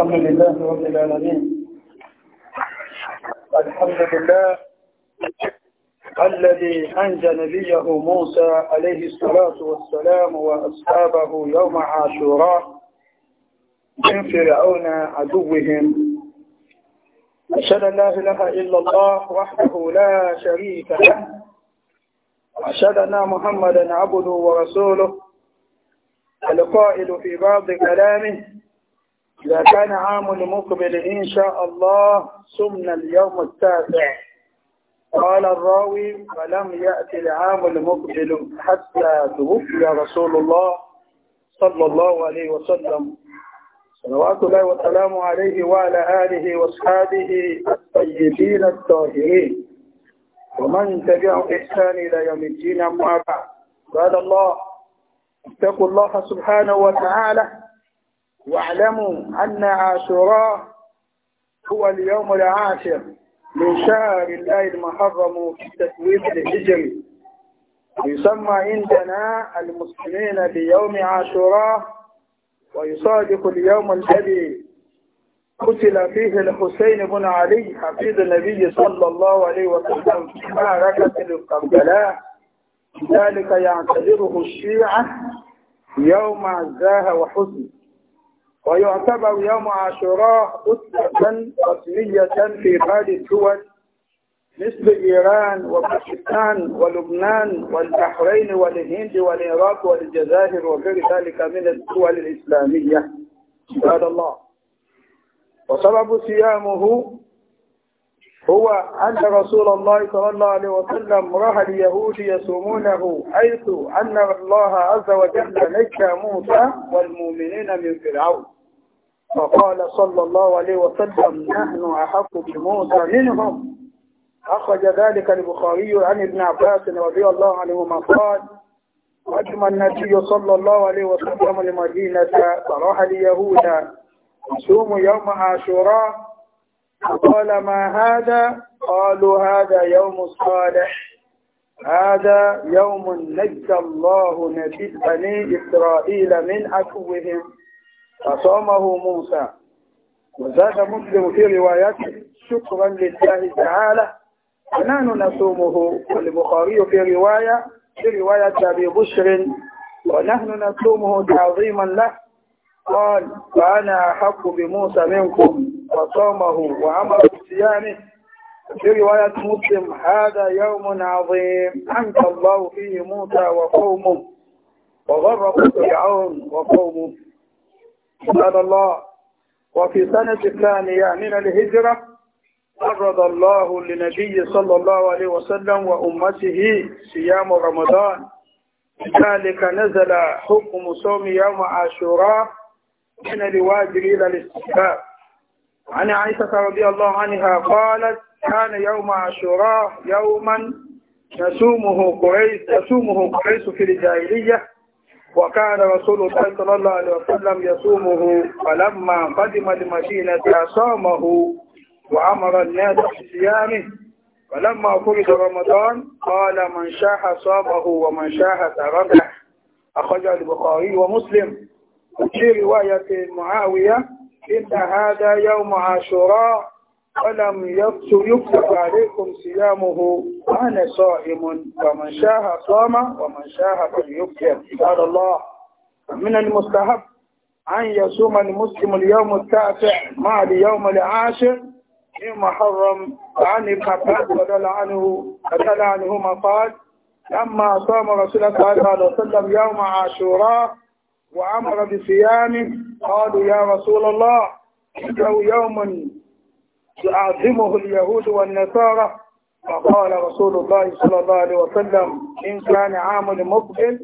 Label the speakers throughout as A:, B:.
A: الحمد لله رب العالمين الحمد لله الذي أنجى نبيه موسى عليه الصلاة والسلام وأصحابه يوم عاشوراء من فرعون عدوهم أشهد أن لا إله إلا الله وحده لا شريك له أشهد أن محمدا عبده ورسوله القائل في بعض كلامه إذا كان عام المقبل إن شاء الله سمنا اليوم التاسع قال الراوي فلم يأتي العام المقبل حتى توفي رسول الله صلى الله عليه وسلم صلوات الله وسلامه عليه وعلى آله وأصحابه الطيبين الطاهرين ومن تبع إحسان إلى يوم الدين أما بعد قال الله اتقوا الله سبحانه وتعالى واعلموا أن عاشوراء هو اليوم العاشر من شهر الله المحرم في تسويق الهجري يسمى عندنا المسلمين بيوم عاشوراء ويصادق اليوم الذي قتل فيه الحسين بن علي حفيد النبي صلى الله عليه وسلم في معركة القبلاء ذلك يعتبره الشيعة يوم عزاها وحزن ويعتبر يوم عاشوراء أسرة رسمية في بعض الدول مثل إيران وباكستان ولبنان والبحرين والهند والعراق والجزائر وغير ذلك من الدول الإسلامية عباد الله وسبب صيامه هو أن رسول الله صلى الله عليه وسلم رأى اليهود يصومونه حيث أن الله عز وجل نجى موسى والمؤمنين من فرعون فقال صلى الله عليه وسلم نحن أحق بموسى منهم أخرج ذلك البخاري عن ابن عباس رضي الله عنهما قال قدم النبي صلى الله عليه وسلم لمدينة فراح اليهود يصوم يوم عاشوراء فقال ما هذا قالوا هذا يوم صالح هذا يوم نجى الله نبي بني إسرائيل من عدوهم فصومه موسى وزاد مسلم في روايته شكرا لله تعالى ونحن نصومه والبخاري في رواية في رواية أبي بشر ونحن نصومه تعظيما له قال فأنا أحق بموسى منكم وصومه وعمل بصيامه في رواية مسلم هذا يوم عظيم أنت الله فيه موسى وقومه وغرق فرعون وقومه سبحان الله وفي سنة الثانية من الهجرة عرض الله لنبي صلى الله عليه وسلم وأمته صيام رمضان ذلك نزل حكم صوم يوم عاشوراء من الواجب إلى الاستحباب عن عائشة رضي الله عنها قالت كان يوم عاشوراء يوما يصومه قريش يصومه قريش في الجاهلية وكان رسول الله صلى الله عليه وسلم يصومه فلما قدم المدينة صامه وأمر الناس بصيامه فلما فرض رمضان قال من شاح صامه ومن شاح تركه أخرجه البخاري ومسلم في رواية معاوية إن هذا يوم عاشوراء ولم يكتب عليكم صيامه وأنا صائم ومن شاه صام ومن شاه فليفطر قال الله من المستحب أن يصوم المسلم اليوم التاسع مع اليوم العاشر من محرم وعن ابن ودل عنه ودل عنهما قال لما صام رسول الله صلى الله عليه وسلم يوم عاشوراء وأمر بصيامه قالوا يا رسول الله إنه يوم يعظمه اليهود والنصارى فقال رسول الله صلى الله عليه وسلم إن كان عام مقبل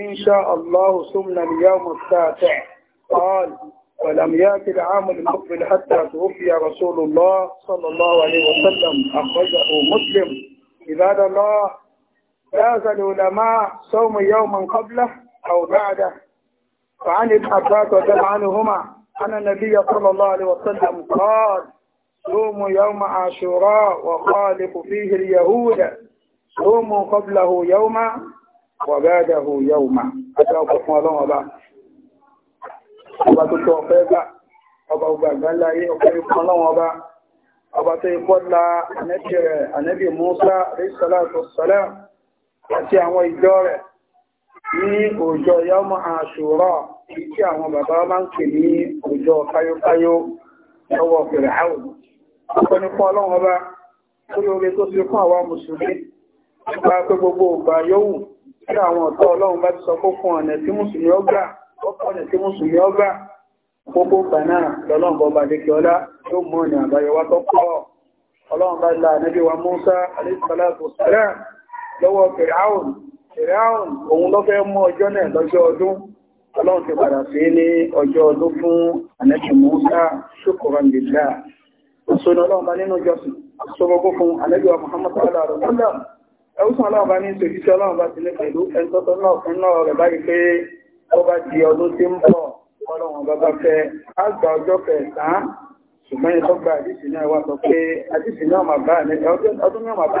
A: إن شاء الله صمنا اليوم التاسع قال ولم يات العام المقبل حتى توفي رسول الله صلى الله عليه وسلم أخرجه مسلم عباد الله جاز العلماء صوم يوما قبله أو بعده وعن الحفاظ وجل عنهما أن النبي صلى الله عليه وسلم قال صوموا يوم عاشوراء وخالف فيه اليهود صوموا قبله يوما وبعده يوما أتوقف الله أبا أبا تتوقف ọba ògbàgbà láyé الله kan lọ́wọ́ ọba ọba tó ikọ́ la ànẹ́bì rẹ̀ ànẹ́bì Musa rí sọ́lá ní ọjọ́ yọmọ àṣùrọ̀ èyí tí àwọn bàbá máa ń pè ní ọjọ́ káyókáyó lọ́wọ́ pẹ̀lẹ̀ àwọn ọ̀pẹ́ni fún ọlọ́run ọba lórí orí tó ti fún àwọn mùsùlùmí nípa pé gbogbo ògbà yóò tí àwọn ọ̀tọ́ ọlọ́run bá ti sọ kó fún ọ̀nà tí mùsùlùmí ọgbà ọ̀nà tí mùsùlùmí gbogbo ògbà náà lọ́lọ́run bọba lékè ọlá yóò mú ọ̀nà àbáyọwá tó pọ̀ ọlọ́run bá la ànábì wa Mùsá alayhi ìráhùn òun ló fẹ́ mú ọjọ́ náà lọ́jọ́ ọdún ọlọ́run ti padà sí ní ọjọ́ ọdún fún ànẹ́kì Mùsá ṣùkọ̀rọ̀ nìlá òṣèlú ọlọ́run bá nínú ìjọsìn àṣọ́gbọ́gbọ́ fún àlẹ́gbẹ̀wà Muhammad sallallahu alaihi wa sallam ẹ̀wùsùn ọlọ́run bá ní ìṣèjíṣẹ́ ọlọ́run bá ti ní pẹ̀lú ẹ̀ńtọ́tọ́ náà fún náà rẹ̀ báyìí pé ó bá di ọdún tí ń bọ̀ ọlọ́run bá bá fẹ́ á gba ọjọ́ kẹsàn-án ṣùgbọ́n ìtọ́gbà àdìsí náà wá sọ pé àdìsí náà mà bá ọdún náà mà bá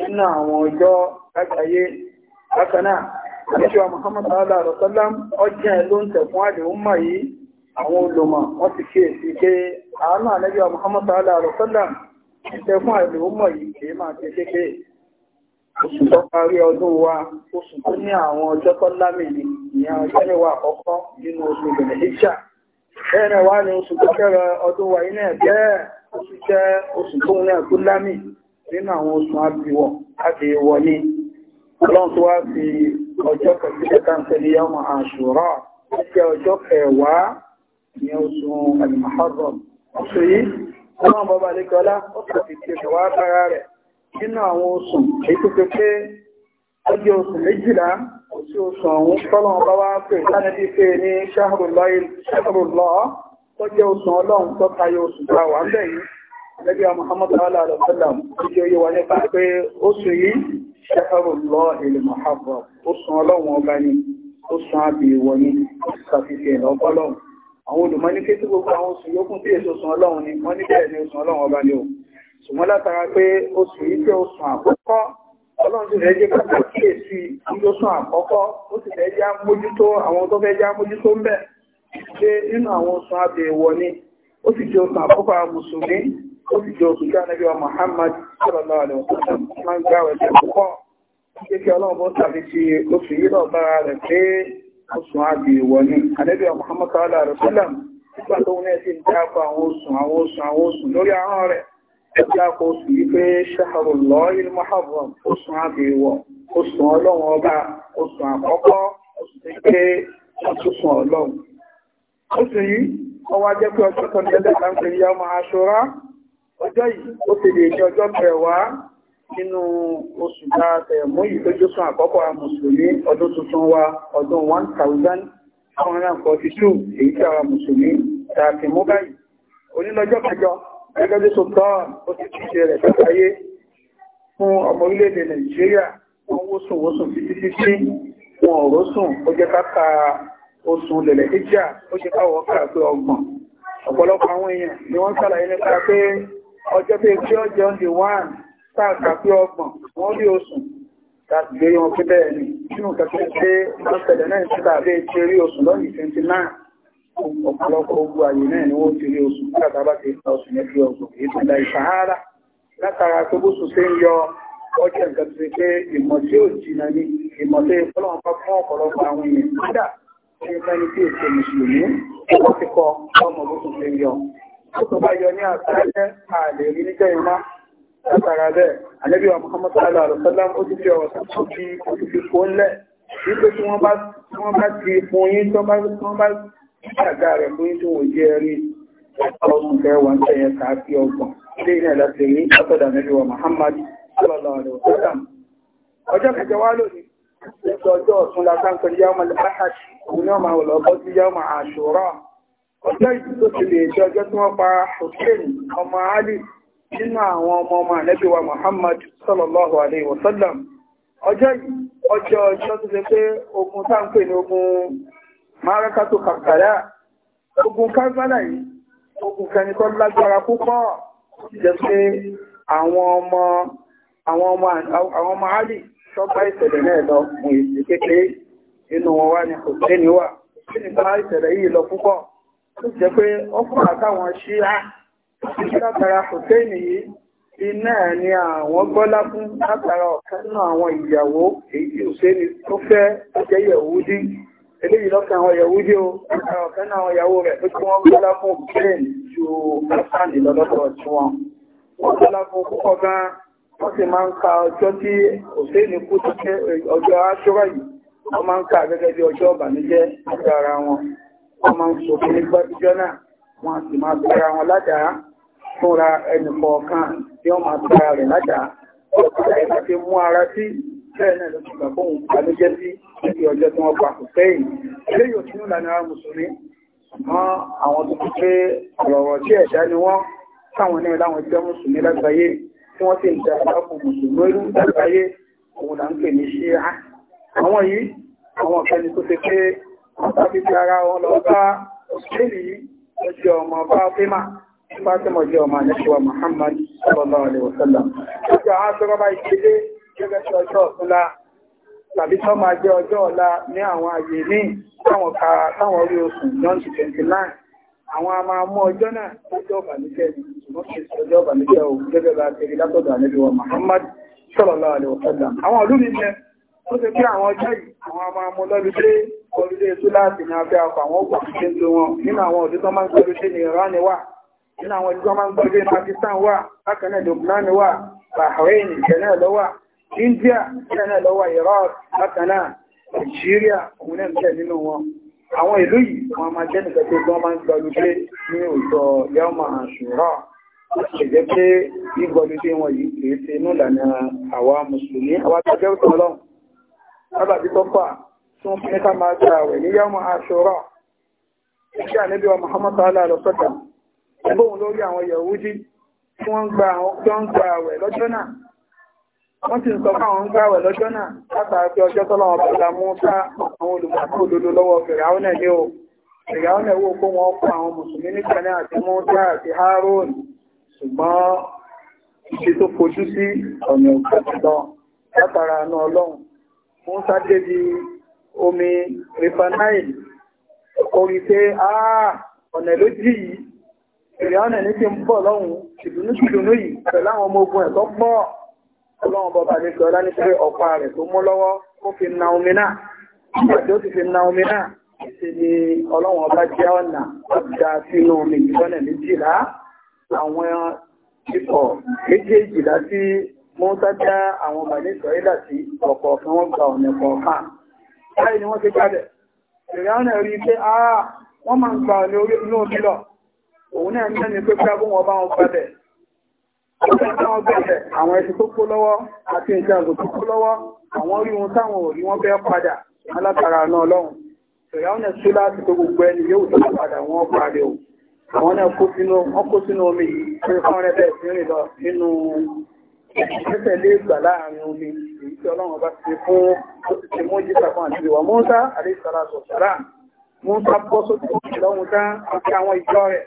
A: nínú àwọn ọjọ́ kákàyé bákanáà àríṣọ́ Muhammad sallallahu alaihi wasallam ọjọ́ ẹ̀ ló ń tẹ̀ fún àdéhùn mọ̀ yìí àwọn olùmọ̀ wọ́n ti ṣe èsì pé àánú àlẹ́jọ́ Muhammad sallallahu alaihi wasallam ń tẹ̀ yìí kì máa ṣe kéke oṣù tó parí ọdún wa oṣù tó ní àwọn ọjọ́ tó lámì ní ìyẹn ọjọ́ níwà àkọ́kọ́ nínú oṣù ìbẹ̀rẹ̀ ìjà bẹ́ẹ̀ wá ní oṣù tó kẹ́rẹ̀ ọdún wa yìí náà bẹ́ẹ̀ oṣù tó ní àkúlámì nínú àwọn oṣù àbíwọ̀ àti ìwọ̀ ní ọlọ́run tó wá fi ọjọ́ kẹsìlẹ̀ yawma Ashura àti ọjọ́ kẹwàá ní oṣù al-Muharram oṣù yìí ọlọ́run bọ́bá lẹ́kọ́lá ọkọ̀ ti ti ṣẹ̀wá bára rẹ̀ nínú àwọn oṣù èyí tó pé pé ọjọ́ oṣù méjìlá oṣù oṣù ọ̀hún Nabi Muhammad sallallahu alaihi wasallam tí ó yé wa nípa pé oṣù yìí ṣẹ́fẹ́rù lọ ilẹ̀ Mahabba, ó sun ọlọ́run ọba ni, ó sun àbí ìwọ ni, ṣàfihàn ẹ̀rọ ọlọ́run. Àwọn olùmọ́ ní pé tí gbogbo àwọn oṣù yókùn tí èso sun ọlọ́run ni, wọ́n ní bẹ́ẹ̀ ni ó sun ọlọ́run ọba ni o òfìjọ òfìjọ anábí wa Muhammad sallallahu alaihi wasallam máa ń gbáwẹ̀ sí púpọ̀ ṣe kí ọlọ́run bó tàbí ti oṣù yìí lọ bára rẹ̀ pé oṣù àbí ìwọ̀ ni anábí wa Muhammad sallallahu alaihi wasallam nígbà tó ní ẹsẹ̀ ń dákọ̀ àwọn oṣù àwọn oṣù àwọn oṣù lórí ahọ́n rẹ̀ ẹ dákọ̀ oṣù yìí pé ṣàhàrò lọ́ọ̀yìn Muharram oṣù ọjọ́ yìí ó ti lè jẹ ọjọ́ kẹwàá nínú oṣù dáadẹ̀ mú ìtójúsùn àkọ́kọ́ àwọn mùsùlùmí ọdún tuntun wa ọdún 1442 èyí tí àwọn mùsùlùmí tààtì mú báyìí onílọ́jọ́ kẹjọ ẹgbẹ́ bí so tọ́ ó ti ṣe rẹ̀ sẹ́kàáyé fún ọmọ orílẹ̀-èdè Nàìjíríà wọ́n wósùn wósùn títí títí wọn ò rósùn ó jẹ́ káka oṣù lẹ̀lẹ̀ ìjà ó jẹ́ káwọ́ kà ọgbọ̀n ọ̀pọ̀lọpọ̀ àwọn èèyàn ni wọ́n sàlàyé nípa pé ọjọ́ bí kí ọjọ́ ń di wọ́n sáàkà pé ọgbọ̀n wọ́n rí oṣù láti gbé wọn pé bẹ́ẹ̀ ni nínú kẹfẹ́ pé wọ́n tẹ̀lẹ̀ náà ti tàbí ti rí oṣù lọ́nà 29 ọ̀pọ̀lọpọ̀ ogun àyè náà ni wọ́n ti rí oṣù nígbàtà bá ti ta oṣù yẹn fi ọgbọ̀n èyí tó da ìsàárà látara tó bóṣù ṣe ń yọ ọjọ́ nǹkan ti pé ìmọ̀ tí ó jìnà ni ìmọ̀ tí ọlọ́run bá fún ọ̀pọ̀lọpọ̀ àwọn èèyàn kódà ẹni tí èsè mùsùlùmí wọ́n ti kọ ọmọ bóṣù ṣe ń yọ tó bá yọ ní àtàlẹ́ ààlè rí níjẹ́ iná látara bẹ́ẹ̀ ànábì wa Muhammad sallallahu alaihi wasallam ó ti fi ọ̀rọ̀ tó fi fi kó ńlẹ̀ wípé tí ọjọ́ kẹjọ lónìí ọjọ́ ọ̀tún lásán pẹ̀lú yàmà lẹ́bàáṣì òun náà máa wọ̀ sí yàmà àṣùrọ̀ ọjọ́ ìdí tó ti lè jẹ́ ọjọ́ tí wọ́n pa hussein ọmọ ali nínú àwọn ọmọ ọmọ ànẹ́bí wa muhammad sallallahu alaihi wasallam ọjọ́ ọjọ́ ọjọ́ tó ṣe pé ogun tá ń pè ní ogun marakatu kankara ogun kankara yìí ogun kẹni tó lágbára púpọ̀ jẹ́ pé àwọn ọmọ àwọn ọmọ ìṣẹ̀lẹ̀ náà lọ fún ìṣẹ̀kékeré inú wọn wá ní hussein wà hussein bá ìṣẹ̀lẹ̀ yìí lọ púpọ̀ ó jẹ́ pé ọkùnrin àtàwọn ṣíá látara hùtẹ́ẹ̀nì yìí iná ẹ̀ ni àwọn gbọ́lá fún látara ọ̀kan náà àwọn ìyàwó èyí tí hùtẹ́ẹ̀nì tó fẹ́ tó jẹ́ yẹ̀wúdí eléyìí lọ́kàn àwọn yẹ̀wúdí o látara ọ̀kan náà àwọn ìyàwó rẹ̀ tó kí wọ́n gbọ́lá fún hùtẹ́ẹ̀nì ju hásánì lọ́lọ́dọ̀ tí wọn wọ́n gbọ́lá fún púpọ̀ gan wọ́n sì máa ń ka ọjọ́ tí hùtẹ́ẹ̀nì kú tó jẹ́ ọjọ́ aṣọ́rọ̀ yìí wọ́n máa ń ka gẹ́gẹ́ bí ọjọ́ ọ̀bànújẹ́ látara wọn wọ́n máa ń sòkè nígbà jíjọ́ náà wọ́n sì máa tẹ́ra wọn ládàá fúnra ẹnìkọ̀ọ̀kan tí wọ́n máa tẹ́ra rẹ̀ ládàá ọ̀pọ̀lọpọ̀ ẹ̀ka ti mú ara sí bẹ́ẹ̀ náà ló ti gbà fóun àlójẹ́ sí níbi ọjọ́ tí wọ́n pa kò sẹ́yìn eléyìí ò sínú ìlànà ara mùsùlùmí mọ́ àwọn tó pé ọ̀rọ̀ tí ẹ̀dá ni wọ́n táwọn náà láwọn ẹgbẹ́ mùsùlùmí lágbàáyé tí wọ́n sì ń da ìdáàbò mùsùlùmí lágbàáyé òun là ń pè ní ṣíà tàbí fi ara wọn lọ bá òṣèlú ọjọ́ ọmọ bá fímà Fátímà jẹ́ ọmọ àyẹ́ṣẹ́wà Muhammad sallallahu alaihi wasallam. Ọjọ́ àásọ́rọ́bá ìṣẹ́lé gẹ́gẹ́ sí ọjọ́ ọ̀túnlá tàbí tó máa jẹ́ ọjọ́ ọ̀la ní àwọn àyè ní táwọn orí oṣù John 29. Àwọn a máa mú ọjọ́ náà lọ́jọ́ ọ̀bànújẹ́ ṣùgbọ́n kì í ṣe ọjọ́ ọ̀bànújẹ́ ò gẹ́gẹ́ bá tẹ̀lé látọ̀dọ̀ ó ti kí àwọn ọjọ́ yìí àwọn ọmọ amúlọ́lùdé ọlùdé tó láti ní abẹ́ ọkọ̀ àwọn ògbà ṣe ń lo wọn nínú àwọn òdí tó máa ń gbọ́lùdé ní Iran wà nínú àwọn òdí tó máa ń gbọ́lùdé ní Pakistan wà bákan náà Lebanon wà Bahrain ìjẹ́ náà lọ́wà India ìjẹ́ náà lọ́wà Iraq bákan náà Nigeria òun náà ń tẹ̀ nínú wọn àwọn ìlú yìí wọn máa jẹ́ nìkan tó gbọ́n máa ń gbọ́lùdé ní òjò yọmọ àṣùrà ìjẹ́ pé gbígbọ́lùdé wọn yìí kìí ṣe inú ìlànà àwa mùsùlùmí àwa tó jẹ́ ọlọ́run sábàbí tó fà tún fi ká máa gba àwẹ̀ ní yàmù àṣọrọ̀ ìṣẹ́ àníbí wa Muhammad sallallahu alaihi wasallam ẹgbóhun lórí àwọn Yahudi tí wọ́n gba àwẹ̀ lọ́jọ́ náà wọ́n ti sọ fún látara àánú ọlọ́run wọ́n sáté di omi refanine orí pé àà ah, ọ̀nà ló jí yìí ìrìnànà ní ti ń bọ̀ lọ́hùn ṣìdúnú ṣìdúnú yìí pẹ̀lú àwọn ọmọ ogun ẹ̀tọ́ pọ̀ ọlọ́run bọba lè sọ láti pé ọ̀pá rẹ̀ tó mú lọ́wọ́ ó fi na omi náà ìgbàjọ́ ti fi na omi náà ṣe ni ọlọ́run ọba jẹ́ ọ̀nà ọjà sínú omi ìgbọ́nà méjìlá àwọn ikọ̀ méjèèjìlá sí Mọ́sá dá àwọn bàbá Ìsọ̀rílà sí ọ̀kọ̀ọ̀kan wọ́n gba ọ̀nà kọ̀ọ̀kan. Báyìí ni wọ́n ti jáde. Ìrìnà rí pé àà wọ́n máa ń gba ọ̀nà orí inú omi lọ. Òun náà ń tẹ́ni pé kábọ́ wọn bá wọn gbàbẹ̀. Àwọn ẹṣin tó kó lọ́wọ́ àti ìjà àgbò tó kó lọ́wọ́, àwọn rí wọn táwọn ò rí wọn fẹ́ padà alátara náà lọ́hùn. Ìrìnà ọ̀nà sí láti tó gbogbo ẹni yóò tó padà wọn parí o. Àwọn náà kó sínú omi yìí, pé fọ́nrẹ́ bẹ́ẹ̀ sí rìn lọ nínú títẹ̀lé ìgbà láàrin omi èyí tí ọlọ́run bá ti fún ó ti ṣe mọ́jú sàkọ́ àti ìwà mọ́ńsá àríṣàlásọ̀ sàrà mọ́ńsá bọ́ sókè òkè lọ́hùn dá àti àwọn ìjọ rẹ̀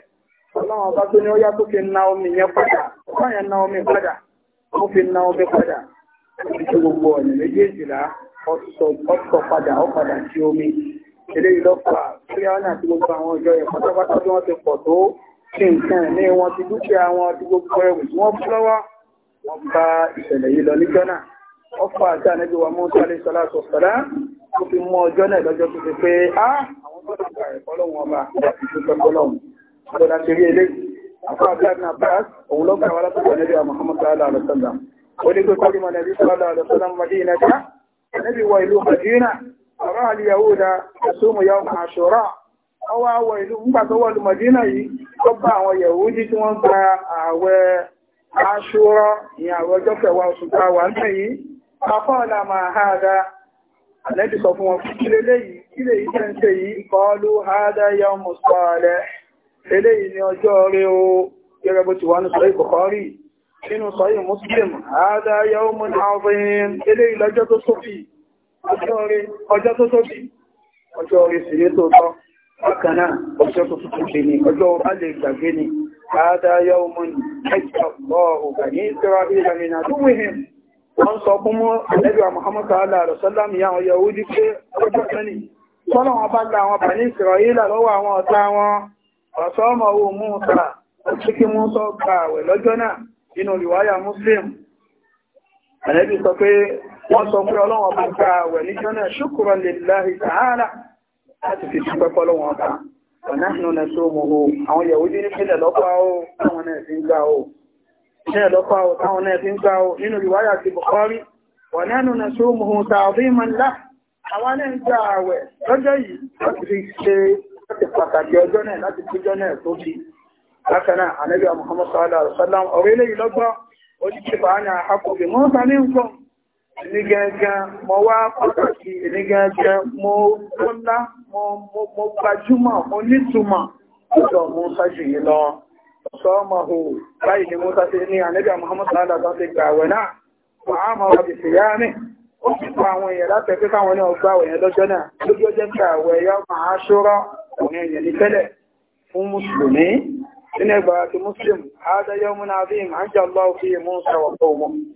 A: ọlọ́run bá tó ní ó yá fi na omi yẹn padà báyẹn na omi padà ó fi na omi padà ìṣe gbogbo ọ̀nà méjèèjìlá ọ̀sọ̀ padà ó padà sí omi eléyìí lọ́pàá tí wọ́n náà ti gbogbo àwọn ìjọ yẹn pátápátá bí wọ́n ti pọ̀ tó kí nǹkan ẹ̀mí wọn ti dúkìá wọn ti gbogbo ẹrù tí wọ́n fún lọ́wọ́ wọ́n bá ìṣẹ̀lẹ̀ yìí lọ ní jọ́nà ọkọ̀ àti ànẹ́bí wa mọ́tò alẹ́ sọlá sọ sọlá ó fi mú ọjọ́ náà lọ́jọ́ tó fi pé á àwọn tó ti gbà ẹ̀kọ́ lọ́wọ́ ọba àti tó tọ́kọ́ lọ́wọ́ àbọ̀dà ti muhammad sallallahu alaihi wasallam ó ní pé kọ́lí mọ̀ nàbí sallallahu alaihi wasallam madina ká ànẹ́bí wa ìlú madina ọ̀rọ̀ àlìyàwó da ẹ̀sùnmù yà ọmọ àṣọrọ̀ ọwọ́ àwọ̀ ìlú nígbà tó wọ̀ lù madina yìí tó bá àwọn yahudi tí wọ́n gba ààwẹ̀ aṣúrọ́ ni àwọjọ́ kẹwà oṣù tàwà náà yìí afọ́ọ̀lá máa háàdá àlẹ́dì sọ fún wọn fún kí lélé yìí kí lè yìí tẹ́ǹtẹ́ yìí kọlu ni ọjọ́ o bó ti wà ní sọ́yìn nínú muslim yà ọmọ lélé yìí lọ́jọ́ tó sófì ọjọ́ tó sófì ọjọ́ sì ní bákan هذا يوم حج الله بني إسرائيل من عدوهم wọ́n sọ fún mọ́ ẹgbẹ̀rẹ̀ Muhammad sallallahu alaihi wasallam ya àwọn Yahudi pé ọjọ́ ẹni tọ́nà wọn bá gba àwọn bàní Isra'ila lọ́wọ́ àwọn ọ̀tá wọn ọ̀sọ́mọ̀ owó Musa ọ̀síkí Musa gba àwẹ̀ lọ́jọ́ náà nínú riwaya Muslim ẹ̀lẹ́bí sọ pé wọ́n sọ pé ọlọ́wọ́n bá gba àwẹ̀ níjọ́ náà shukran lillahi ta'ala láti fi dúpẹ́ fọ́lọ́wọ́n bá ọ̀nàṣínú na ṣó mọ̀ o àwọn Yahudi ní pínlẹ̀ lọ́pàá o táwọn náà fi ń gbá o pínlẹ̀ lọ́pàá o táwọn náà fi ń gbá o nínú ìwáyà ti Bukhari ọ̀nàṣínú na ṣó mọ̀ o tààbí mọ́lá àwọn náà ń gba àwẹ̀ lọ́jọ́ yìí láti fi ṣe láti pàtàkì ọjọ́ náà Muhammad sallallahu alaihi wasallam ọ̀rẹ́lẹ̀ yìí lọ́gbọ́n ó ti ní gẹ́gẹ́ mọ́ wá pàtàkì ní gẹ́gẹ́ mọ́ kúnlá mọ́ gbajúmọ̀ mọ́ nítumọ̀ ọjọ́ mọ́ sájú yìí lọ sọ́mọ̀hù báyìí ni mọ́ta ti ní ànẹ́bí Muhammad sallallahu alaihi wasallam ti gbàwẹ̀ náà wọ́n á mọ̀ ọ̀bì sí yá ní ó sì pa àwọn èèyàn láti ẹ̀fẹ́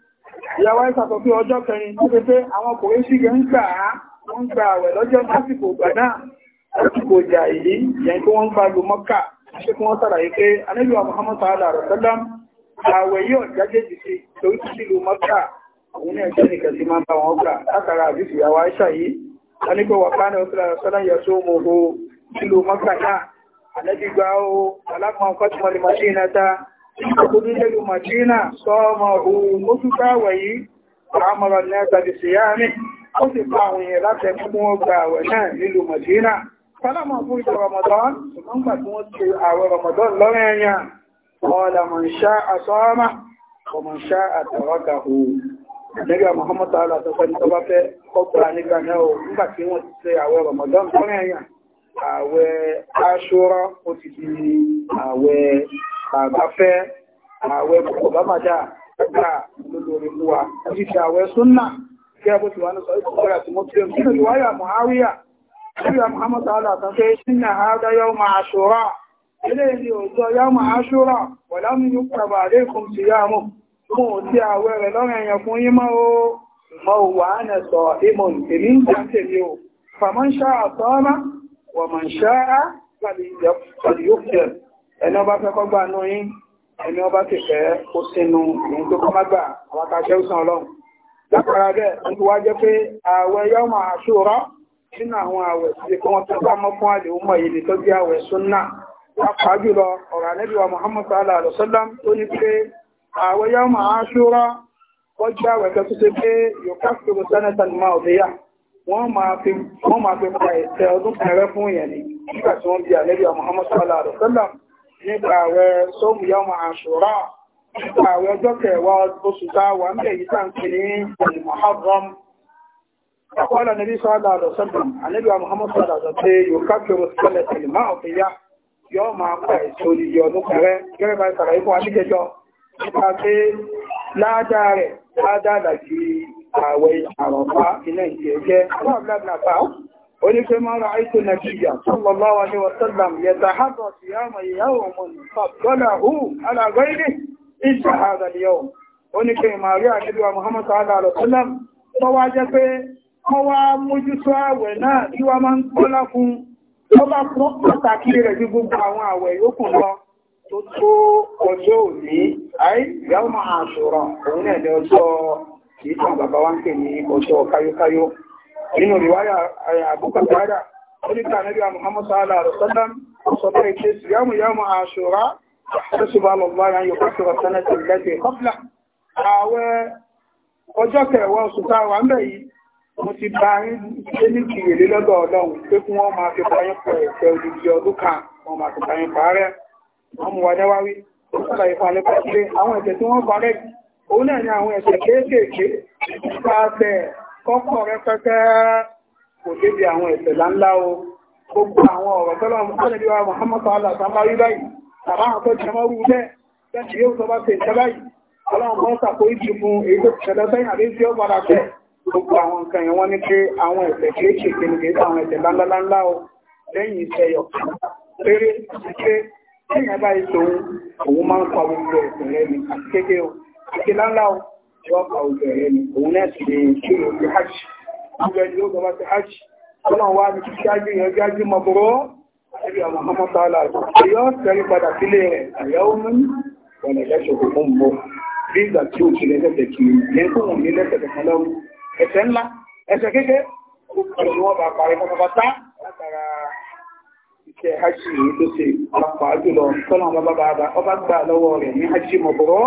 A: ìyàwó ìsàtọ̀ pé ọjọ́ kẹrin tó pé àwọn ọkùnrin sí gẹn gbà á wọ́n gba àwẹ̀ lọ́jọ́ lásìkò ìgbà náà lásìkò ìjà èyí yẹn tí wọ́n gba lu mọ́kà ṣe kí wọ́n sàlàyé pé anábíwá Muhammad sàádà rẹ̀ sọ́dám àwẹ̀ yóò jájéjì sí lórí sí lu mọ́kà òun ní ẹ̀jẹ̀ nìkan sí máa ń bá wọn gbà látara àbísù ìyàwó àìsà yìí a ní pé wà fáánà ọ̀sọ́lá yẹ̀sọ́ mo ho sí lu ìgbàkúdílẹ̀lú Madina sọ́ọ̀mọ̀ ohun mọ́túkáwẹ̀ yìí àmọ̀rọ̀ nẹ́ta di síyámi ó sì pa àwọn èèyàn láti ẹkùn wọn gba àwẹ̀ náà nílùú Madina sálámọ̀ Ramadan ṣùgbọ́n gbà tí wọ́n ti àwẹ̀ Ramadan lọ́rẹ̀ ẹ̀yà ọ̀là mọ̀ṣá àsọ́ọ́mà Muhammad ta'ala tó fẹ́ tó bá fẹ́ kọ́gbà nígbà náà nígbà tí wọ́n ti ṣe àwẹ̀ Ramadan lọ́rẹ̀ ẹ̀yà àwẹ̀ Àṣúrà ó ti di àwẹ̀ bàbá fẹ́ ààwẹ̀ bàbámàdá gbà lólórí mú wa ti fi ààwẹ̀ súnnà kí ẹ bó ti wà ní sọ ìpínlẹ̀ àti mọ́tílẹ̀ nínú ìwáyà Muawiya síra Muhammad Allah kan fẹ́ sínú àádá yawma Ashura ilé ni ẹni ọba fẹ́ kọ́ gbà nú yín ẹni ọba sì fẹ́ kó sínú ìyẹn tó kọ́ má gbà àwọn akáṣẹ́ òsàn ọlọ́run lápára bẹ́ẹ̀ wọ́n ti wá jẹ́ pé ààwẹ̀ yọ́mọ àṣúrọ́ nínú àwọn ààwẹ̀ tí kí wọ́n tó bá mọ́ fún àlè ọmọ yìí ni tó jẹ́ ààwẹ̀ súnà pàápàá jùlọ ọ̀rọ̀ ànábì wa Muhammad sallallahu alaihi wasallam tó ní pé ààwẹ̀ yọ́mọ àṣúrọ́ wọ́n jẹ́ ààwẹ̀ kan tó ṣe pé yóò káfíìrù sẹ́nẹ́tà ní máa òdeyà wọ́n máa fi pa ẹ̀ṣẹ̀ ọdún kan rẹ́ fún ìyẹn ni nígbà tí wọ́n bí ànábì wa Muhammad sallallahu alaihi wasallam nígbà àwẹ̀ sóòmù yọmọ àṣùrà nígbà àwẹ̀ ọjọ́ kẹwàá oṣù táwà ń bẹ̀ yìí tá ń pè ní Muharram ọ̀pọ̀lọ̀ níbi sọ́ọ́lá àdọ̀sọ́dọ̀ àníbíà Muhammad sọ́ọ́lá àdọ̀tẹ́ yóò kápẹ̀rọ̀ sílẹ̀ tẹ̀lé máa ọ̀fẹ́ yá yóò máa pa ètò ìyẹ ọdún kẹrẹ gẹ́gẹ́ bá ìsàrà ikú àníkẹjọ nípa pé ládàá rẹ̀ ládàá dàbí àwẹ̀ àrọ̀bá ilẹ̀ ìjẹ́ jẹ́ onífẹ́ máa ra àìtò nàìjíríà sallallahu alaihi wasallam yẹta hàbọ̀ sí yàmà ìyàwó mọ̀nà fàbọ́là hù alàgọ́ ilé ìṣà àgbàlẹ̀yàwó fún pàtàkì rẹ̀ ju gbogbo àwọn àwẹ̀ lọ tó tó ọjọ́ òní òun ni ọjọ́ nínú ìwáyà àbúkàtàdà oríta nàbíà muhammad sallallahu alaihi wasallam sọ́tọ̀ ìṣe síyàmù yàmù àṣùrá tẹ́sùbálọ̀lọ́yà yóò kásìrọ̀ sẹ́nẹ̀tì ọjọ́ kẹwàá oṣù ń bẹ̀ yìí mo ti bá yín kan kọ́kọ́ rẹ pẹ́pẹ́ kò débi àwọn ẹ̀ṣẹ̀ láńlá o gbogbo àwọn ọ̀rọ̀ tọ́lọ́ ọmọdébíwá Muhammadu Allah sábà rí báyìí tàbá àwọn tó jẹmọ́ rú bẹ́ẹ̀ lẹ́tì yóò sọ bá ṣe ìṣẹ́ báyìí ọlọ́run mọ́ sàkó ìjì fún èyí tó ṣẹlẹ̀ sẹ́yìn àbí tí ó padà fẹ́ gbogbo àwọn nǹkan yẹn wọ́n ní pé àwọn ẹ̀ṣẹ̀ kì í ṣe ìpinnu kì í sọ àwọn ẹ̀ṣẹ̀ láńláńlá o lẹ́yìn iṣẹ́ yọ péré pé lẹ́yìn ẹ báyìí tòun òun máa ń pa gbogbo ẹ̀sìn rẹ ní àti kékeré o àti láńlá o wọ́pàá òjò ẹ̀rẹ́ ni òun náà sì lè ṣe ìròyìn hajj gbogbo ẹni ló gbọmọ sí hajj ọlọ́run wá ní kí ṣáájú yẹn jájú mọ bọ́rọ́ àti àwọn ọmọ sáàlà àyọ́ sẹ́rí padà sílé rẹ̀ àyáwó mú wọn ẹ̀dá ṣòkò fún bọ́ bí ìgbà tí ó ti lẹ́ lẹ́sẹ̀ kì í yẹn tó wù ní ńlá ẹ̀ṣẹ̀ kéke ọ̀rọ̀ wọ́n bá parí pátápátá látara iṣẹ́ hajj yìí tó ṣe ọ̀pá jùlọ tọ́lọ́ ọba bàbá ọba gbà lọ́wọ́ rẹ̀ ní hajj mọ̀bọ̀rọ̀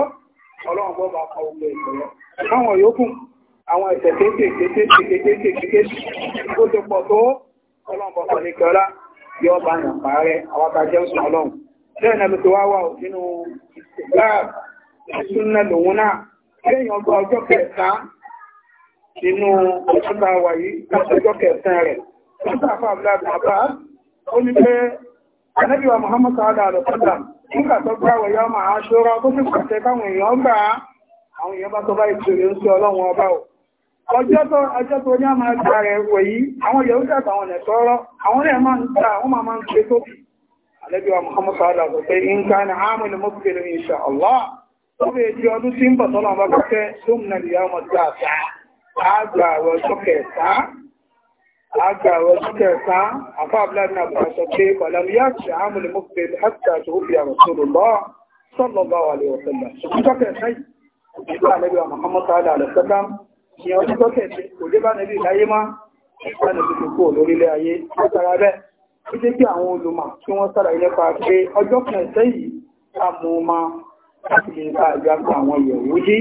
A: ọlọ́run bọ́ bá pa ogun ìṣòro àwọn yòókù àwọn ẹ̀sẹ̀ kéékèèkéékèèkéékèèké ó ti pọ̀ tó ọlọ́run bọ́ pọ̀ ní kẹọ́lá yóò bá yàn pààrẹ àwọn àtàjẹ́ ń sọ ọlọ́run bẹ́ẹ̀ náà ló ti wá wà nínú ìsìláàbù súnná lòun náà lẹ́yìn ọgbà ọjọ́ kẹsàn-án nínú òṣùpá wà yìí láti ọjọ́ kẹsàn-án rẹ̀ ó ní pé anábíwá Muhammad sallallahu alaihi wa sallam nígbà tó gbáwẹ̀ yọ máa ṣọ́ra tó sì pàṣẹ káwọn èèyàn gbà á àwọn èèyàn bá tó bá ìṣòro ń sí ọlọ́run ọba ò ọjọ́ tó ọjọ́ tó ní àmà ìgbà rẹ̀ wò yí àwọn yẹ̀wúdí àtàwọn ẹ̀ sọ́rọ́ àwọn rẹ̀ máa ń ta àwọn máa ń ṣe tó àlẹ́bí wa Muhammad sallallahu alaihi wa sallam nǹkan ní àmì ni mo fi kéré insha Allah tó bèè di ọdún tí ń bọ̀ tọ́lọ́ ọba kọ́kẹ́ tó mìnà ìyá ọmọ tí a sá àgbà agbàwọ̀ kẹta àfáàbìláàrin àpàṣọ pé kọ̀lámíyàṣì àmúlẹ̀ mọ́kànlẹ̀ láti àti òbí àrùsọ̀rọ̀ lọ́ sọ́lọ́bà wà lè ọ̀sẹ̀lẹ̀ ṣùgbọ́n kẹta yìí ìgbà nẹ́bí wa Muhammad ala alẹ́sẹ́lá ni ọdún tó kẹta kò dé bá nẹ́bí láyé má ìgbà nẹ́bí tó kó lórílẹ̀ ayé látara bẹ́ẹ̀ ó jẹ́ kí àwọn olùmọ̀ tí wọ́n sára ilẹ̀ pa pé ọjọ́ kẹta yìí ta mú ma láti lè bá àjọ àwọn yẹ̀wò yìí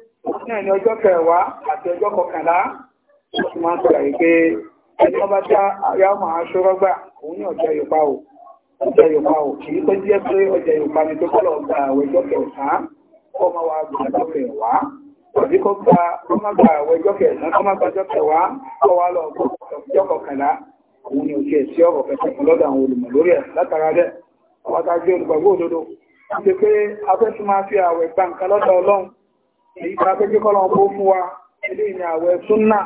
A: ní ẹni ọjọ́ kẹwàá àti ọjọ́ kọkànlá wọ́n ti máa ń sọ̀rọ̀ yìí pé ẹni ọba já yàmọ̀ òun ní ọjọ́ yorùbá ọjọ́ yorùbá tó jẹ́ pé ọjọ́ yorùbá ni gba àwọn ẹjọ́ kẹsàn-án gba ọjọ́ kẹwàá tàbí kó gba kó gba àwọn ẹjọ́ kẹsàn-án kó gba ọjọ́ kẹwàá èyí tó afẹ́jú kọ́lọ̀ kó fún wa ilé ìní àwẹ̀ súnà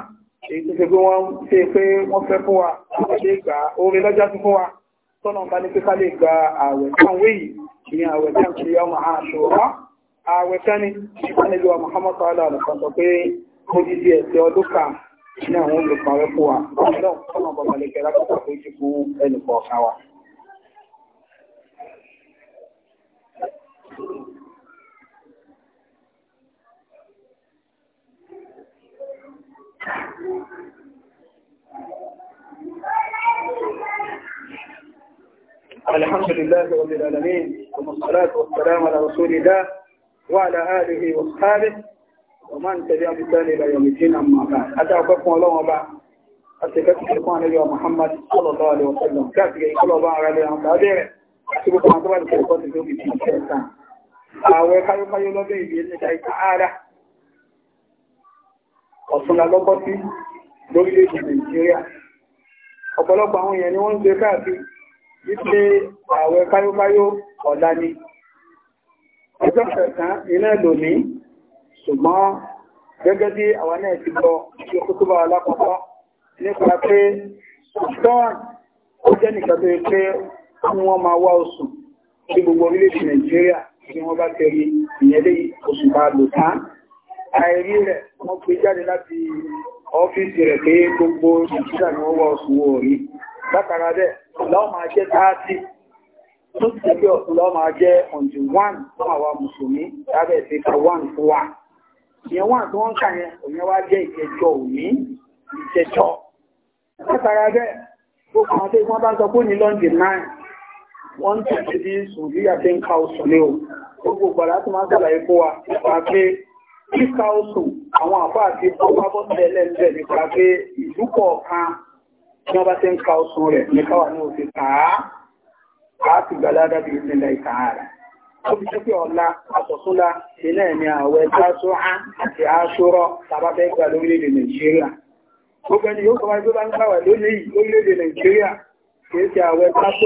A: èyí tó ṣe pé wọ́n ṣe pé wọ́n fẹ́ fún wa àwọ̀dé gbà orí lọ́jà tó fún wa tọ́nà bá ní pípa lè gba àwẹ̀ káwé yìí ìyẹn àwẹ̀ tí a ń ṣe ọmọ àṣùrọ̀ àwẹ̀ kẹ́ni ìpánilú wa Muhammad sallallahu alaihi wasallam pé ó di di ẹ̀sẹ̀ ọdún kan ní àwọn olùpàwẹ́ fún wa ọlọ́run tọ́nà bàbá lè kẹ́ra kọ́kọ́ tó jí fún ẹnì wa. الحمد لله رب العالمين والصلاة والسلام على رسول الله وعلى آله وصحبه ومن تبع بسان إلى يوم الدين أما بعد أتعقبكم الله وبعد أتكتب لكم نبي محمد صلى الله عليه وسلم كافي كل الله عليه وسلم هذا أتكتب عن طبعا كيف في الدين الشيطان أعوى خير ما يلوبي بإذن الله تعالى ọ̀tún la lọ́kọ́ sí lórílẹ̀-èdè nàìjíríà ọ̀pọ̀lọpọ̀ àwọn èèyàn ni wọ́n ń gbé káàkiri wípé ààwẹ̀ káyókáyó ọ̀la ni ọjọ́ kẹsàn-án iná lòní ṣùgbọ́n gẹ́gẹ́ bí àwọn náà ti lọ sí kútúbà alákọ̀ọ́kọ́ nípa pé ṣùgbọ́n ó jẹ́ nìkan tó yẹ pé kí wọ́n máa wá oṣù sí gbogbo orílẹ̀-èdè nàìjíríà tí wọ́n bá tẹ̀rí ìyẹ́lẹ́ oṣù bá lò tán àìrí rẹ̀ wọ́n pè jáde láti ọ́fíìsì rẹ̀ gbogbo nàìjíríà ni wọ́n wọ́ ọ̀sùn orí látara bẹ́ẹ̀ lọ́wọ́ máa jẹ́ táàtì tó ti tẹ́gbẹ́ ọ̀sùn máa jẹ́ ọ̀njù wán fún mùsùlùmí lábẹ́ ìfẹ́ka wán ìyẹn wọ́n kà yẹn òyìn wá jẹ́ ìjẹjọ òní ìjẹjọ látara bẹ́ẹ̀ gbogbo àwọn tó wọ́n bá sọ pé ní kíkà oṣù àwọn àpá àti ọpábọ́ tẹ́lẹ̀lẹ́ nípa pé ìlú kọ̀ọ̀kan tí wọ́n bá ti ń ka oṣù rẹ ní káwà ní òfin tàá àti gbàládà bí ìpínlẹ̀ ìtàá rẹ̀ ó fi ẹ̀mí tásó á àti tàbá fẹ́ gbà lórílẹ̀-èdè nàìjíríà gbogbo ẹni yóò ń lórílẹ̀-èdè nàìjíríà kìí ṣe tásó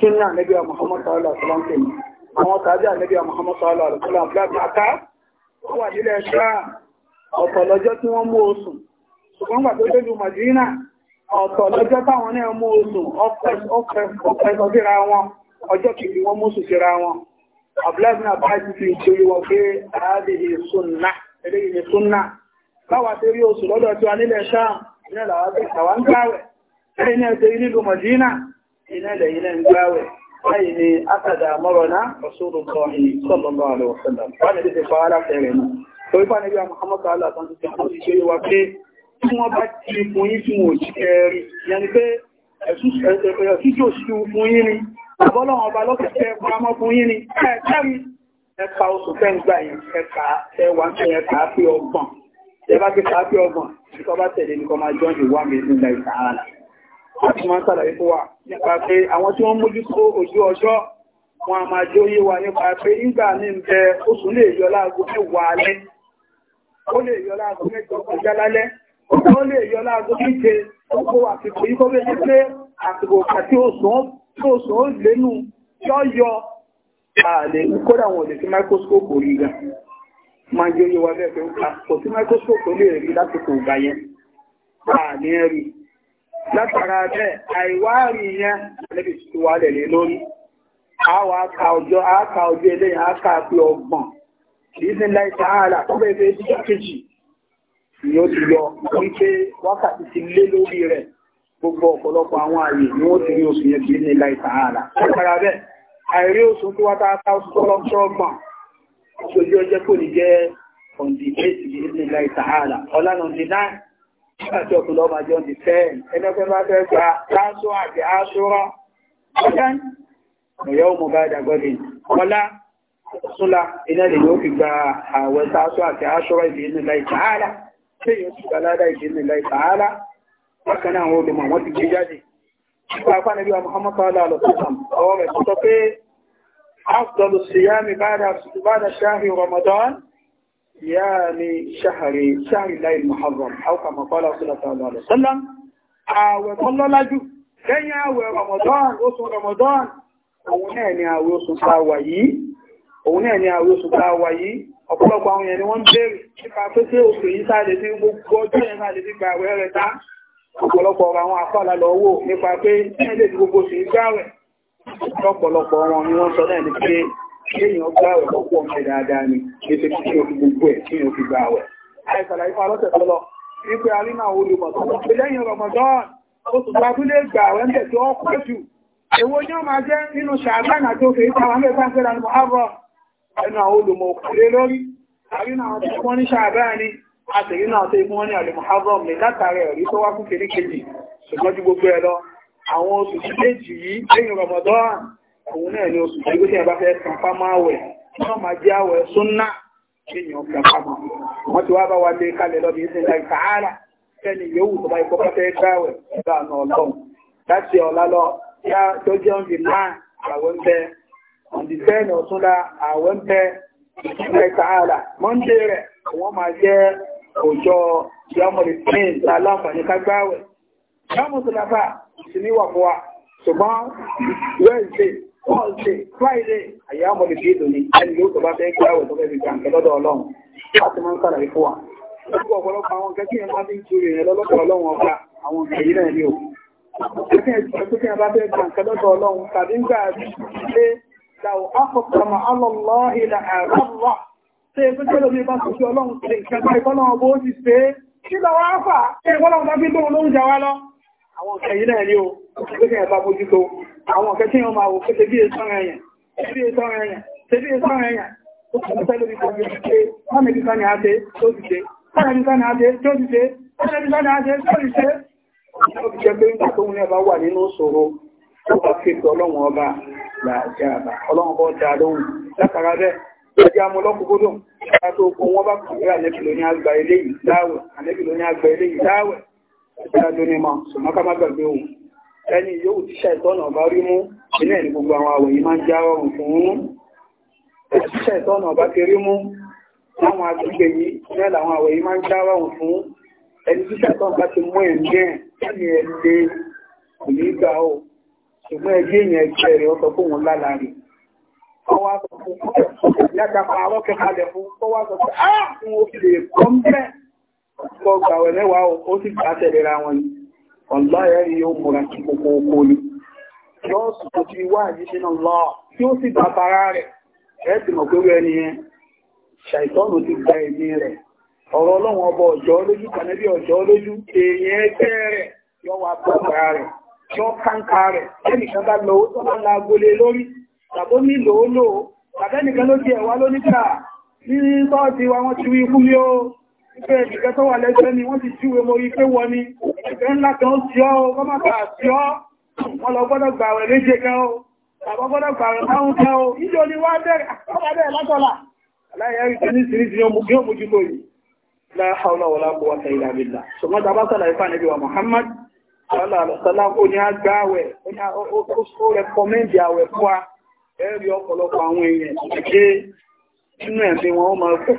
A: sunna ànábì wa Muhammad sallallahu alaihi wasallam kẹ́mi àwọn tàbí Muhammad sallallahu alaihi wasallam fúlàbí àká ó wà nílẹ̀ ṣáà ọ̀tọ̀ lọ́jọ́ tí wọ́n mú oṣù ti sunna ni sunna Madina iná ilẹ̀ yìí lẹ́nu gbáwẹ̀ báyìí ni ásàdà mọ́rọ̀ná ọ̀ṣọ́rọ̀ kọ̀ọ̀hìn sọ́lọ́lọ́ àlọ́ ọ̀sẹ̀lá wọ́n ni ti fọ́ aláfẹ́rẹ̀ ni torí bá níbi àmọ́kọ́ aláàtọ́ ti tẹ̀kọ́ sí ṣe wá pé tí wọ́n bá ti fún yín fún òjì kẹrin yẹn ni pé ẹ̀sùn tí ó sí fún yín ni àbọ́lọ́wọ́n ọba lọ́kẹ̀ tẹ́ pamọ́ fún yín ni ẹ̀ẹ́kẹ́rin ẹ̀ka oṣù fẹ́ǹgbà yẹn ẹ̀ka ẹwà ń tẹ̀yẹ kàá pé ọgbọ̀n ẹ bá ti kàá pé ọgbọ̀n ìkọ́ bá tẹ̀lé nìkan máa jọ́ ìwà mi nígbà ìtàhálà láti máa sàlàyé fún wa nípa pé àwọn tí wọ́n mójú tó ojú ọjọ́ wọn a máa jẹ́ òye wa nípa pé nígbà ní bẹ oṣù lè yọ láago mẹ́wàá alẹ́ ó lè yọ láago mẹ́jọ kọjá lálẹ́ ó lè yọ láago méje ó kó àsìkò yí kó bẹ́ sí pé àsìkò àti oṣù ó lénu yọ yọ ààlè kódà wọn lè fi microscope rí gan máa jẹ́ òye wa bẹ́ẹ̀ pé àsìkò tí microscope lè rí lásìkò ìgbà yẹn ààlè rí látara bẹ́ẹ̀ àìwáàrí yẹn níbi tí wà lẹ̀ lé lórí àwọn aka ọjọ́ aka ọjọ́ ilé aka ọgbọ̀n kìí sí láì tó bẹ́ẹ̀ fẹ́ kejì ni ó ti yọ wípé wákàtí ti lé lórí rẹ̀ gbogbo ọ̀pọ̀lọpọ̀ àwọn ààyè ni wọ́n ti rí oṣù yẹn kìí sí láì sáàrà látara bẹ́ẹ̀ àìrí oṣù tó wá táa ọgbọ̀n oṣù ojú Nígbàtí ọkùnlọ máa jọ ní fẹ́ẹ̀n, ẹnẹ́fẹ́ bá fẹ́ gba láṣọ́ àti aṣọ́rọ́. Ọjọ́n, ọ̀yọ́ mú bá dàgbọ́dì. Ọlá, ṣúnlá, iná lè yóò fi gba àwẹ̀ sáṣọ́ àti aṣọ́rọ́ ìdí ìtààlá. Muhammad Sallallahu Alaihi Wasallam, ọwọ́ rẹ̀ sọ pé, "Afdọ́lù Siyami bá Ramadan, يعني شهر شهر الله المحرم أو كما قال صلى الله عليه وسلم وصلى لجو كان رمضان وصل رمضان òun àwẹ̀ oṣù sáwà yìí òun náà ni àwẹ̀ oṣù sáwà yìí ọ̀pọ̀lọpọ̀ àwọn èèyàn ni wọ́n bèèrè nípa pé tí oṣù yìí sáàlẹ̀ sí gbogbo ọjọ́ yẹn sáàlẹ̀ sí gbà wẹ́ rẹ̀ tá ọ̀pọ̀lọpọ̀ àwọn kéèyàn gbá ọ̀rọ̀ púpọ̀ ṣe dáadáa ni ètò kí o fi gbogbo ẹ̀ kí o fi gbà wẹ̀. àìsàlà ìfà lọ́sẹ̀ tọ́lọ wípé arínà olùmọ̀ tó pé lẹ́yìn Ramadan oṣù gbàdúlé gbà rẹ̀ ń tẹ̀sí ọ́ pẹ́ jù. èwo ni ó máa jẹ́ nínú ṣàgbọ́n àti oṣù yìí táwọn mẹ́ta ń fẹ́ra ní Muharram ẹnu àwọn olùmọ̀ òkúlé lórí arínà àwọn tó wọ́n ní ṣàgbọ́n ni àtẹ̀rí náà tó wọ́n ní àlè Muharram ní látàrí ẹ̀rí tó wá fún kéríkejì ṣùgbọ́n ju gbogbo ẹ lọ àwọn oṣù méjì yìí lẹ́yìn Ramadan òun náà ni oṣù tẹ́gbẹ́ tí a bá fẹ́ kàn fámá àwẹ̀ náà máa jẹ́ àwẹ̀ súnná kéèyàn kàn fámá wọ́n ti wá bá wa lé kalẹ̀ lọ́dún yìí sẹ́yìn tààrà sẹ́ni yòówù tó bá ikọ́ bá fẹ́ gbáwẹ̀ nígbà ọ̀nà ọlọ́run láti ọ̀la lọ yá tó jẹ́ oúnjẹ náà àwẹ̀ ń bẹ ọ̀dì sẹ́ni ọ̀túnla àwẹ̀ ń bẹ sẹ́yìn tààrà mọ́ndé rẹ̀ wọ́n máa jẹ́ ọjọ́ yọmọlẹ̀ spain láláǹfààní kágbáwẹ̀ yọmọ tó lábà ìsinmi wà fún wa ṣùgbọ́n wẹ́ẹ̀sì Thursday, Friday, àyà ọmọdé bí ètò ni, ẹni yóò tó bá fẹ́ gbé àwẹ̀ tó fẹ́ fi gbàǹkẹ́ lọ́dọ̀ ọlọ́run, láti máa ń sàlàyé fún wa. Gbogbo ọ̀pọ̀lọpọ̀ àwọn nǹkan tí ẹ bá fi ń kiri rẹ̀ lọ́lọ́tọ̀ ọlọ́run ọba, àwọn nǹkan náà ni o. Ẹgbẹ́ tí a bá fẹ́ gbàǹkẹ́ lọ́dọ̀ ọlọ́run tàbí ń gbà pé Láwọ̀ akọ̀kọ̀mọ̀ alọ́lọ́ ilẹ̀ àrọ́lọ́. Ṣé ẹgbẹ́ tí ó lè bá sọ́jú ọlọ́run ti nǹkan bá ìkọ́nà ọgbọ́ ó ti ṣe é? Kí lọ wá fà? Ṣé ìwọ́n lọ́run bá fi lóhun lóhun jà wá lọ? Àwọn nǹkan náà ni o, ẹgbẹ́ tí a bá bójútó àwọn ọ̀kẹ́ tí wọ́n máa wò pé tẹbí ẹ̀sán ẹ̀yàn tẹbí ẹ̀sán ẹ̀yàn tó ṣe wọ́n e e e mẹ́bí sáni tó ṣe wọ́n mẹ́bí sáni tó ṣe ó ti jẹ́ ẹjẹ́ amọlọ́kùnkúndùn látó kó wọ́n bá kọ̀ pé àlẹ́bìlò ní àgbà eléyìí dáwẹ̀ àlẹ́bìlò ní àgbà eléyìí dáwẹ̀ ẹjẹ́ adónímọ̀ ṣùgbọ́n ká má gbàgbé òun ẹni yóò ti ṣe ìtọ́nà ọba rí mú ilé ní gbogbo àwọn àwẹ̀ yìí máa ń já ọrùn fún ṣe ìtọ́nà ọba ti rí mú láwọn agbègbè yìí náà làwọn àwẹ̀ yìí máa ń já ọrùn fún ẹni tí ṣe ìtọ́nà ọba ti mú ẹ̀mí ẹ̀ láti ẹ̀lẹ́ kò ní ṣùgbọ́n ẹgbẹ́ èèyàn ẹgbẹ́ rẹ̀ ó fún òun lálàá rẹ̀ ọ̀láyẹ̀ rí ó múra kí kòkó okó ní yóò sì tó ti wá àjíṣẹ́ náà lọ tí ó sì rẹ̀ ẹ̀ẹ́dì mọ̀ pé wẹ́ni yẹn ṣàìtọ́nù ti gba ẹ̀mí rẹ̀ ọ̀rọ̀ ọlọ́run ọba ọjọ́ lójú kanẹ́bí ọjọ́ lójú èèyàn ẹgbẹ́ rẹ̀ yọ Ipe ẹ̀dìkẹ́ tó wà lẹ́gbẹ́ ni wọ́n ti júwe mo rí pé wọ́n ni, ẹ̀gbẹ́ ńlá kan sí ọ́, kọ́ máa bà sí ọ́, wọ́n lọ gbọ́dọ̀ gbà rẹ̀ léje kan ó, tàbọ́ gbọ́dọ̀ gbà rẹ̀ márùn kan ó, ìjọ ni wá bẹ̀rẹ̀ àkọ́kọ́ ah, látọ́lá. Aláyẹ̀ rí tẹ́ ní sírísì yóò mú jùlọ yìí. La hawla wala quwwata illa billah. Ṣùgbọ́n tàbá sọ̀lá ìfà níbi wa Muhammad, sọ́lá àlọ́sọ́lá ó ní àgbà àwẹ̀, ó rẹ̀kọ́mẹ́ndì àwẹ̀ fún wa, ẹ̀rí ọ̀pọ̀lọpọ̀ àwọn èèyàn, ṣe inú ẹ̀mí wọn ó máa kọ̀.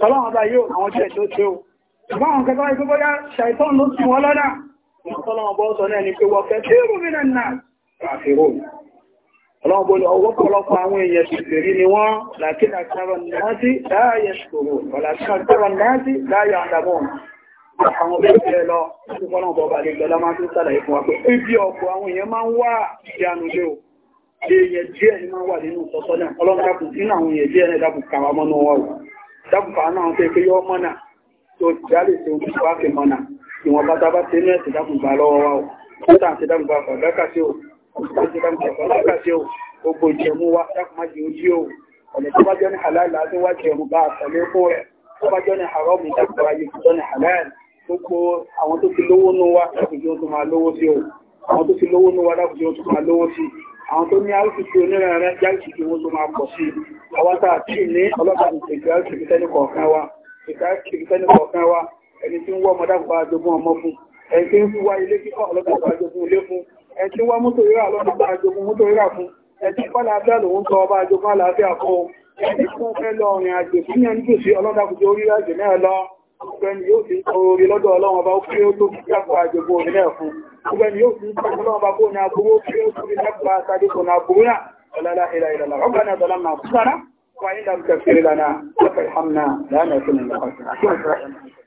A: ọlọ́run ọba yóò àwọn jẹ́ tó tí ó ṣùgbọ́n kẹta ikú bọ́yá ṣàìtàn ló sì wọ́n lọ́nà ọlọ́run bọ́ sọ náà ni pé wọ́n fẹ́ tí ó rúmi náà ràfíro ọlọ́run bọ́ ọ̀pọ̀lọpọ̀ àwọn èèyàn sì fèrí ni wọ́n làkínà kẹrọ náàtì láàyè ṣòro ọ̀làkínà kẹrọ náàtì láàyè àdàmọ́n àwọn bẹ́ẹ̀ bẹ́ẹ̀ lọ sí fọ́nà bọ̀bà lè gbọ́lá máa tún sàlàyé fún wa pé ibi ọ̀pọ̀ àwọn èèyàn máa ń wà sí ànúlé o èèyàn díẹ̀ ni máa wà nínú sọ́sọ́ náà ọlọ́run dákùn sínú àwọn èèyàn díẹ̀ náà dákùn kàwà mọ́nú wa o dákùnfà náà tẹ́ pé yọ́ mọ́nà tó jálè tó wá fi mọ́nà ìwọ̀n bá tábá tẹ́ mẹ́ẹ̀sì dákùnfà lọ́wọ́ wa o mẹ́ta àti dákùnfà fàdákà sí o àti dákùnfà fàdákà sí o gbogbo ìjẹ̀mú wa dákùnmá jẹ́ ojú o ọ̀nà tó bá jẹ́ ní halal àti wá jẹ̀mú bá àtàlé fún rẹ̀ tó bá jẹ́ ní haram dákùnfà ayé tó ní halal gbogbo àwọn tó fi lówó nú wa dákùnjẹ́ ó tún máa lówó sí o àwọn tó fi lówó nú wa dákùnjẹ́ ó tún máa lówó sí i àwọn tó ní áìsìkì onírẹ̀rẹ̀ jáìsìkì wọn tó máa pọ̀ sí ọwọ́ta àti ní ọlọ́pàá ìpèsè áìsìkì tẹ́lẹ̀ kọ̀ọ̀kan wa ìpèsè tẹ́lẹ̀ kọ̀ọ̀kan wa ẹni tí ń wọ́ ọmọdé àgbà àjogún ọmọ fún ẹni tí ń fi wá ilé kíkọ́ ọlọ́pàá àgbà àjogún ilé fún ẹni tí ń wá mọ́tò rírà lọ́nà àjogún mọ́tò rírà fún ẹni tí kọ́lá abẹ́ lòun sọ ọba àjogún àlàáfíà fún ẹni tí wọ́n fẹ́ lọ ọ̀rìn àjò sí ẹni tó sí ọlọ́dàkùnjẹ́ orí àjò náà lọ ọgbẹ́ni yóò fi tọrọ orí lọ́dọ̀ ọlọ́run ọba ó kí ó tó fi jápa àjẹ̀gbò orí náà fún ọgbẹ́ni yóò fi tọrọ ọlọ́run ọba kó ní agbóró kí ó tó fi jápa àtàdékò ní agbóró náà ọlọ́lá ìlà